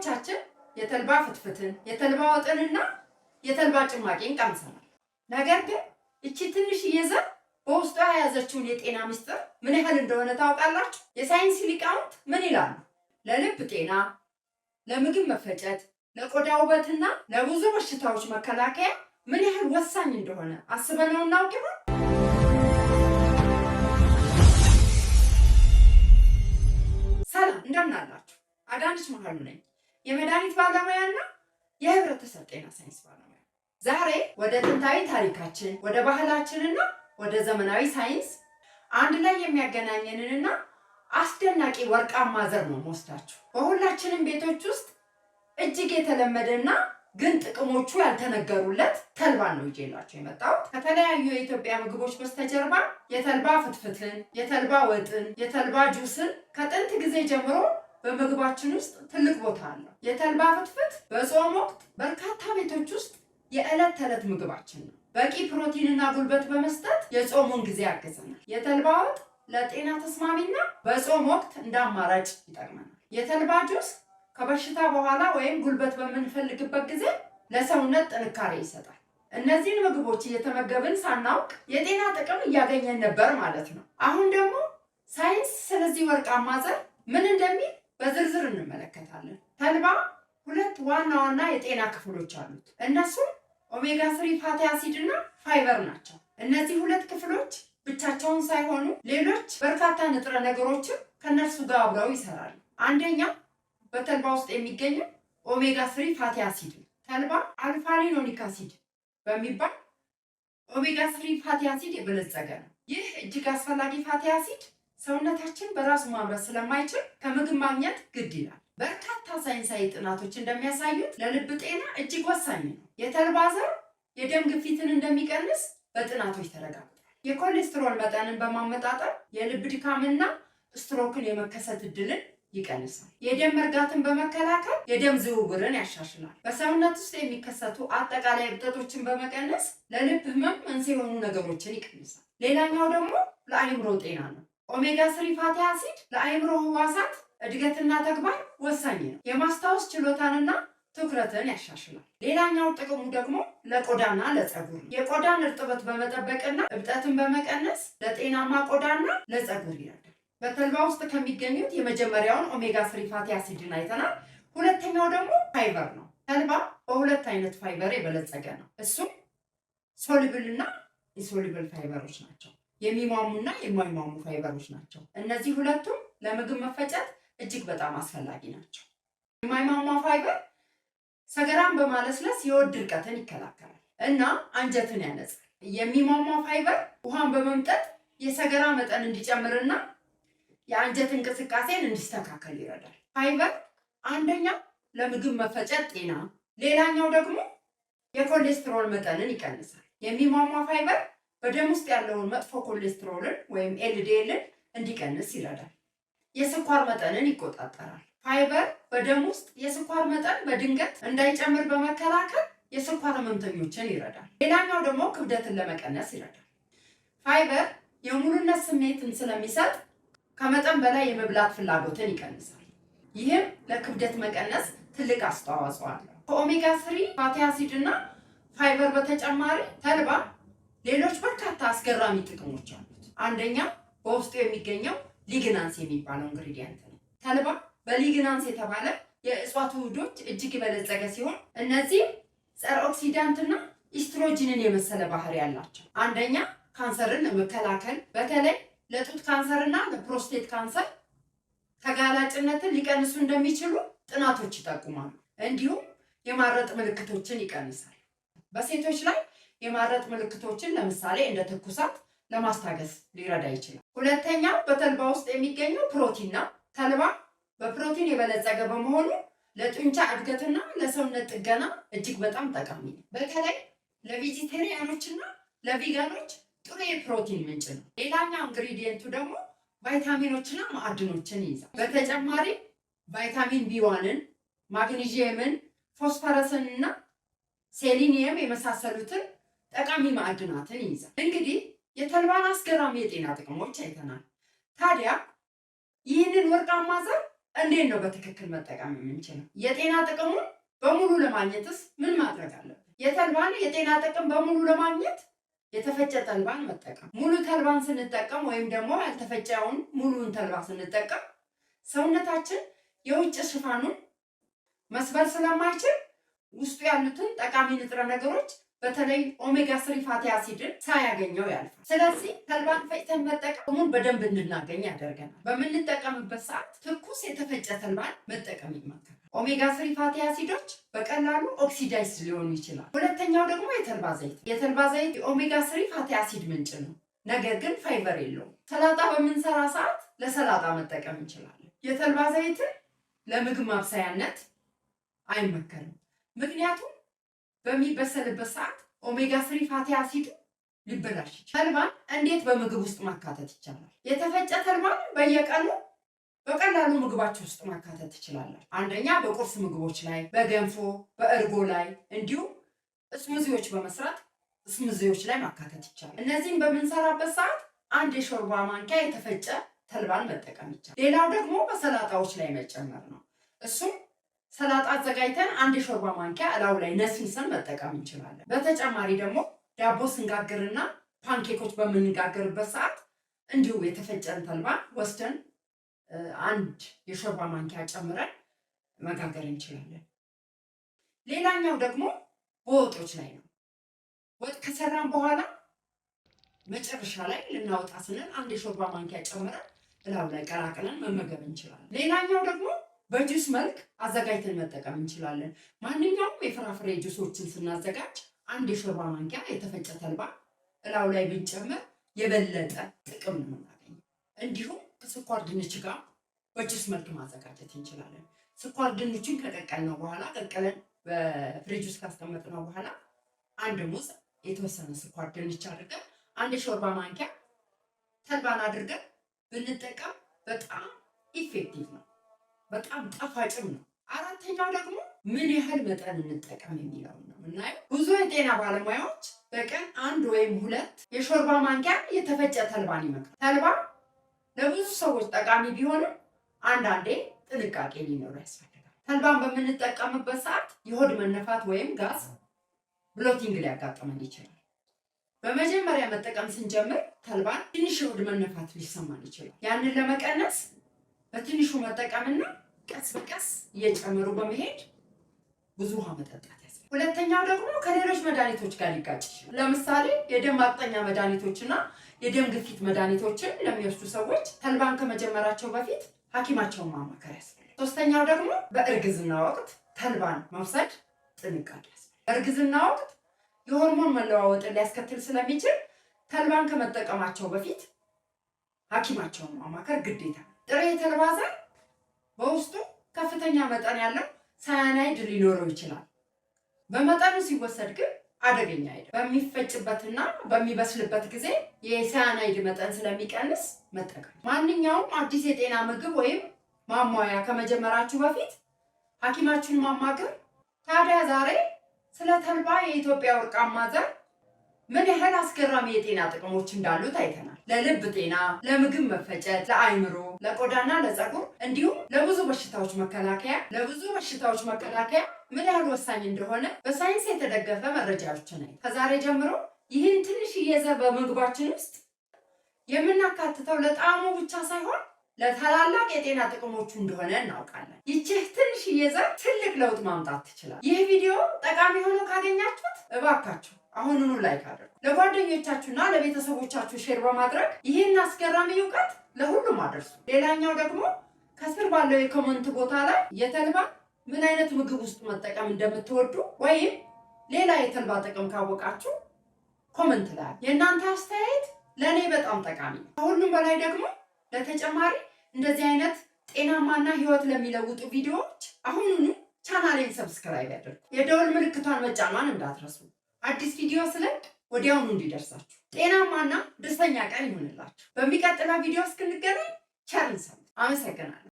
ብዙዎቻችን የተልባ ፍትፍትን፣ የተልባ ወጥንና የተልባ ጭማቂን ቀምሰናል። ነገር ግን እቺ ትንሽዬ እየዘር በውስጧ የያዘችውን የጤና ምስጢር ምን ያህል እንደሆነ ታውቃላችሁ? የሳይንስ ሊቃውንት ምን ይላሉ? ለልብ ጤና፣ ለምግብ መፈጨት፣ ለቆዳ ውበትና ለብዙ በሽታዎች መከላከያ ምን ያህል ወሳኝ እንደሆነ አስበነው እናውቅ ይሆን? ሰላም እንደምን አላችሁ? አዳነች ነኝ። የመድኃኒት ባለሙያ የህብረተሰብ ጤና ሳይንስ ባለሙያ። ዛሬ ወደ ጥንታዊ ታሪካችን፣ ወደ ባህላችንና ወደ ዘመናዊ ሳይንስ አንድ ላይ የሚያገናኘንንና አስደናቂ ወርቃማ ዘር ነው መወስዳችሁ። በሁላችንም ቤቶች ውስጥ እጅግ የተለመደና ግን ጥቅሞቹ ያልተነገሩለት ተልባን ነው ይዤላችሁ የመጣሁት። ከተለያዩ የኢትዮጵያ ምግቦች በስተጀርባ የተልባ ፍትፍትን፣ የተልባ ወጥን፣ የተልባ ጁስን ከጥንት ጊዜ ጀምሮ በምግባችን ውስጥ ትልቅ ቦታ አለው። የተልባ ፍትፍት በጾም ወቅት በርካታ ቤቶች ውስጥ የዕለት ተዕለት ምግባችን ነው። በቂ ፕሮቲንና ጉልበት በመስጠት የጾሙን ጊዜ ያግዘናል። የተልባ ወጥ ለጤና ተስማሚና በጾም ወቅት እንደ አማራጭ ይጠቅመናል። የተልባ ጁስ ከበሽታ በኋላ ወይም ጉልበት በምንፈልግበት ጊዜ ለሰውነት ጥንካሬ ይሰጣል። እነዚህን ምግቦች እየተመገብን ሳናውቅ የጤና ጥቅም እያገኘን ነበር ማለት ነው። አሁን ደግሞ ሳይንስ ስለዚህ ወርቃማ ዘር ምን እንደሚል በዝርዝር እንመለከታለን። ተልባ ሁለት ዋና ዋና የጤና ክፍሎች አሉት። እነሱም ኦሜጋ ስሪ ፋቲ አሲድ እና ፋይበር ናቸው። እነዚህ ሁለት ክፍሎች ብቻቸውን ሳይሆኑ ሌሎች በርካታ ንጥረ ነገሮችን ከእነርሱ ጋር አብረው ይሰራሉ። አንደኛ በተልባ ውስጥ የሚገኘው ኦሜጋ ስሪ ፋቲ አሲድ ነው። ተልባ አልፋሊኖኒክ አሲድ በሚባል ኦሜጋ ስሪ ፋቲ አሲድ የበለጸገ ነው። ይህ እጅግ አስፈላጊ ፋቲ አሲድ ሰውነታችን በራሱ ማምረት ስለማይችል ከምግብ ማግኘት ግድ ይላል። በርካታ ሳይንሳዊ ጥናቶች እንደሚያሳዩት ለልብ ጤና እጅግ ወሳኝ ነው። የተልባ ዘር የደም ግፊትን እንደሚቀንስ በጥናቶች ተረጋግጧል። የኮሌስትሮል መጠንን በማመጣጠር የልብ ድካምና ስትሮክን የመከሰት እድልን ይቀንሳል። የደም መርጋትን በመከላከል የደም ዝውውርን ያሻሽላል። በሰውነት ውስጥ የሚከሰቱ አጠቃላይ እብጠቶችን በመቀነስ ለልብ ህመም መንስኤ የሆኑ ነገሮችን ይቀንሳል። ሌላኛው ደግሞ ለአይምሮ ጤና ነው። ኦሜጋ ስሪ ፋቲ አሲድ ለአእምሮ ህዋሳት እድገትና ተግባር ወሳኝ ነው። የማስታወስ ችሎታንና ትኩረትን ያሻሽላል። ሌላኛው ጥቅሙ ደግሞ ለቆዳና ለፀጉር ነው። የቆዳን እርጥበት በመጠበቅና እብጠትን በመቀነስ ለጤናማ ቆዳና ለፀጉር ይረዳል። በተልባ ውስጥ ከሚገኙት የመጀመሪያውን ኦሜጋ ስሪ ፋቲ አሲድን አይተናል። ሁለተኛው ደግሞ ፋይበር ነው። ተልባ በሁለት አይነት ፋይበር የበለጸገ ነው። እሱም ሶሊብል እና ፋይበሮች ናቸው። የሚሟሙና የማይሟሙ ፋይበሮች ናቸው። እነዚህ ሁለቱም ለምግብ መፈጨት እጅግ በጣም አስፈላጊ ናቸው። የማይሟሟ ፋይበር ሰገራን በማለስለስ የወድ ድርቀትን ይከላከላል እና አንጀትን ያነጻል። የሚሟሟ ፋይበር ውሃን በመምጠጥ የሰገራ መጠን እንዲጨምርና የአንጀት እንቅስቃሴን እንዲስተካከል ይረዳል። ፋይበር አንደኛ ለምግብ መፈጨት ጤና፣ ሌላኛው ደግሞ የኮሌስትሮል መጠንን ይቀንሳል። የሚሟሟ ፋይበር በደም ውስጥ ያለውን መጥፎ ኮሌስትሮልን ወይም ኤልዲኤልን እንዲቀንስ ይረዳል። የስኳር መጠንን ይቆጣጠራል። ፋይበር በደም ውስጥ የስኳር መጠን በድንገት እንዳይጨምር በመከላከል የስኳር ህመምተኞችን ይረዳል። ሌላኛው ደግሞ ክብደትን ለመቀነስ ይረዳል። ፋይበር የሙሉነት ስሜትን ስለሚሰጥ ከመጠን በላይ የመብላት ፍላጎትን ይቀንሳል። ይህም ለክብደት መቀነስ ትልቅ አስተዋጽኦ አለው። ከኦሜጋ ስሪ ፋቲ አሲድ እና ፋይበር በተጨማሪ ተልባ ሌሎች በርካታ አስገራሚ ጥቅሞች አሉት። አንደኛ በውስጡ የሚገኘው ሊግናንስ የሚባለው ኢንግሪዲየንት ነው። ተልባ በሊግናንስ የተባለ የእጽዋት ውህዶች እጅግ የበለጸገ ሲሆን እነዚህም ጸረ ኦክሲዳንትና ኢስትሮጂንን የመሰለ ባህሪ ያላቸው፣ አንደኛ ካንሰርን ለመከላከል በተለይ ለጡት ካንሰርና ለፕሮስቴት ካንሰር ተጋላጭነትን ሊቀንሱ እንደሚችሉ ጥናቶች ይጠቁማሉ። እንዲሁም የማረጥ ምልክቶችን ይቀንሳል። በሴቶች ላይ የማረጥ ምልክቶችን ለምሳሌ እንደ ትኩሳት ለማስታገስ ሊረዳ ይችላል። ሁለተኛው በተልባ ውስጥ የሚገኘው ፕሮቲን ነው። ተልባ በፕሮቲን የበለጸገ በመሆኑ ለጡንቻ እድገትና ለሰውነት ጥገና እጅግ በጣም ጠቃሚ ነው። በተለይ ለቬጂቴሪያኖችና ለቪጋኖች ጥሩ የፕሮቲን ምንጭ ነው። ሌላኛው ኢንግሪዲየንቱ ደግሞ ቫይታሚኖችና ማዕድኖችን ይይዛል። በተጨማሪ ቫይታሚን ቢዋንን፣ ማግኒዥየምን፣ ፎስፈረስንና ሴሊኒየም የመሳሰሉትን ጠቃሚ ማዕድናትን ይይዛል። እንግዲህ የተልባን አስገራሚ የጤና ጥቅሞች አይተናል። ታዲያ ይህንን ወርቃማ ዘር እንዴት ነው በትክክል መጠቀም የምንችለው? የጤና ጥቅሙን በሙሉ ለማግኘትስ ምን ማድረግ አለብን? የተልባን የጤና ጥቅም በሙሉ ለማግኘት የተፈጨ ተልባን መጠቀም። ሙሉ ተልባን ስንጠቀም ወይም ደግሞ ያልተፈጨውን ሙሉን ተልባ ስንጠቀም ሰውነታችን የውጭ ሽፋኑን መስበር ስለማይችል ውስጡ ያሉትን ጠቃሚ ንጥረ ነገሮች በተለይ ኦሜጋ ስሪ ፋቲ አሲድን ሳያገኘው ያልፋል። ስለዚህ ተልባን ፈጭተን መጠቀሙን በደንብ እንድናገኝ ያደርገናል። በምንጠቀምበት ሰዓት ትኩስ የተፈጨ ተልባን መጠቀም ይመከራል። ኦሜጋ ስሪ ፋቲ አሲዶች በቀላሉ ኦክሲዳይዝ ሊሆኑ ይችላል። ሁለተኛው ደግሞ የተልባ ዘይት። የተልባ ዘይት የኦሜጋ ስሪ ፋቲ አሲድ ምንጭ ነው፣ ነገር ግን ፋይበር የለውም። ሰላጣ በምንሰራ ሰዓት ለሰላጣ መጠቀም እንችላለን። የተልባ ዘይትን ለምግብ ማብሰያነት አይመከርም፣ ምክንያቱም በሚበሰልበት ሰዓት ኦሜጋ ስሪ ፋቲ አሲድ ሊበላሽ ይችላል። ተልባን እንዴት በምግብ ውስጥ ማካተት ይቻላል? የተፈጨ ተልባን በየቀኑ በቀላሉ ምግባችሁ ውስጥ ማካተት ትችላላችሁ። አንደኛ በቁርስ ምግቦች ላይ፣ በገንፎ በእርጎ ላይ እንዲሁም እስሙዚዎች በመስራት እስሙዚዎች ላይ ማካተት ይቻላል። እነዚህም በምንሰራበት ሰዓት አንድ የሾርባ ማንኪያ የተፈጨ ተልባን መጠቀም ይቻላል። ሌላው ደግሞ በሰላጣዎች ላይ መጨመር ነው። እሱም ሰላጣ አዘጋጅተን አንድ የሾርባ ማንኪያ እላው ላይ ነስንሰን መጠቀም እንችላለን። በተጨማሪ ደግሞ ዳቦ ስንጋግርና ፓንኬኮች በምንጋግርበት ሰዓት እንዲሁ የተፈጨን ተልባ ወስደን አንድ የሾርባ ማንኪያ ጨምረን መጋገር እንችላለን። ሌላኛው ደግሞ በወጦች ላይ ነው። ወጥ ከሰራን በኋላ መጨረሻ ላይ ልናወጣ ስንል አንድ የሾርባ ማንኪያ ጨምረን እላው ላይ ቀላቅለን መመገብ እንችላለን። ሌላኛው ደግሞ በጁስ መልክ አዘጋጅተን መጠቀም እንችላለን። ማንኛውም የፍራፍሬ ጁሶችን ስናዘጋጅ አንድ የሾርባ ማንኪያ የተፈጨ ተልባ እላው ላይ ብንጨምር የበለጠ ጥቅም ነው የምናገኘው። እንዲሁም ከስኳር ድንች ጋር በጁስ መልክ ማዘጋጀት እንችላለን። ስኳር ድንችን ከቀቀልነው በኋላ ቀቀለን በፍሪጅ ውስጥ ካስቀመጥነው በኋላ አንድ ሙዝ የተወሰነ ስኳር ድንች አድርገን አንድ የሾርባ ማንኪያ ተልባን አድርገን ብንጠቀም በጣም ኢፌክቲቭ ነው። በጣም ጣፋጭም ነው። አራተኛው ደግሞ ምን ያህል መጠን እንጠቀም የሚለው ነው የምናየው። ብዙ የጤና ባለሙያዎች በቀን አንድ ወይም ሁለት የሾርባ ማንኪያ የተፈጨ ተልባን ይመክራል። ተልባ ለብዙ ሰዎች ጠቃሚ ቢሆንም አንዳንዴ ጥንቃቄ ሊኖር ያስፈልጋል። ተልባን በምንጠቀምበት ሰዓት የሆድ መነፋት ወይም ጋዝ ብሎቲንግ ሊያጋጥመን ይችላል። በመጀመሪያ መጠቀም ስንጀምር ተልባን ትንሽ የሆድ መነፋት ሊሰማን ይችላል። ያንን ለመቀነስ በትንሹ መጠቀምና ቀስ በቀስ እየጨመሩ በመሄድ ብዙ ውሃ መጠጣት ያስ ሁለተኛው ደግሞ ከሌሎች መድኃኒቶች ጋር ሊጋጭ ይችላል። ለምሳሌ የደም ማቅጠኛ መድኃኒቶችና የደም ግፊት መድኃኒቶችን ለሚወስዱ ሰዎች ተልባን ከመጀመራቸው በፊት ሐኪማቸውን ማማከር ያስፈልጋል። ሶስተኛው ደግሞ በእርግዝና ወቅት ተልባን መውሰድ ጥንቃቄ ያስፈልጋል። በእርግዝና ወቅት የሆርሞን መለዋወጥን ሊያስከትል ስለሚችል ተልባን ከመጠቀማቸው በፊት ሐኪማቸውን ማማከር ግዴታ ጥሬ የተርባዘ በውስጡ ከፍተኛ መጠን ያለው ሳያናይድ ሊኖረው ይችላል። በመጠኑ ሲወሰድ ግን አደገኛ አይደለም። በሚፈጭበትና በሚበስልበት ጊዜ የሳያናይድ መጠን ስለሚቀንስ መጠቀም። ማንኛውም አዲስ የጤና ምግብ ወይም ማሟያ ከመጀመራችሁ በፊት ሐኪማችሁን ማማከር። ታዲያ ዛሬ ስለ ተልባ የኢትዮጵያ ወርቃማ ዘር ምን ያህል አስገራሚ የጤና ጥቅሞች እንዳሉት አይተናል። ለልብ ጤና፣ ለምግብ መፈጨት፣ ለአይምሮ፣ ለቆዳና ለፀጉር እንዲሁም ለብዙ በሽታዎች መከላከያ ለብዙ በሽታዎች መከላከያ ምን ያህል ወሳኝ እንደሆነ በሳይንስ የተደገፈ መረጃዎች አይ ከዛሬ ጀምሮ ይህን ትንሽዬ ዘር በምግባችን ውስጥ የምናካትተው ለጣዕሙ ብቻ ሳይሆን ለታላላቅ የጤና ጥቅሞቹ እንደሆነ እናውቃለን። ይችህ ትንሽዬ ዘር ትልቅ ለውጥ ማምጣት ትችላል። ይህ ቪዲዮ ጠቃሚ ሆኖ ካገኛችሁት እባካችሁ አሁኑኑ ላይክ አድርጉ። ለጓደኞቻችሁና ለቤተሰቦቻችሁ ሼር በማድረግ ይህን አስገራሚ እውቀት ለሁሉም አድርሱ። ሌላኛው ደግሞ ከስር ባለው የኮመንት ቦታ ላይ የተልባ ምን አይነት ምግብ ውስጥ መጠቀም እንደምትወዱ ወይም ሌላ የተልባ ጥቅም ካወቃችሁ ኮመንት ላይ የእናንተ አስተያየት ለእኔ በጣም ጠቃሚ። ከሁሉም በላይ ደግሞ ለተጨማሪ እንደዚህ አይነት ጤናማና ህይወት ለሚለውጡ ቪዲዮዎች አሁኑኑ ቻናሌን ሰብስክራይብ ያደርጉ፣ የደወል ምልክቷን መጫኗን እንዳትረሱ። አዲስ ቪዲዮ ስለቅ ወዲያውኑ እንዲደርሳችሁ ጤናማና ደስተኛ ቀን ይሆንላችሁ። በሚቀጥለው ቪዲዮ እስክንገናኝ ቸር እንሰንብት። አመሰግናለሁ።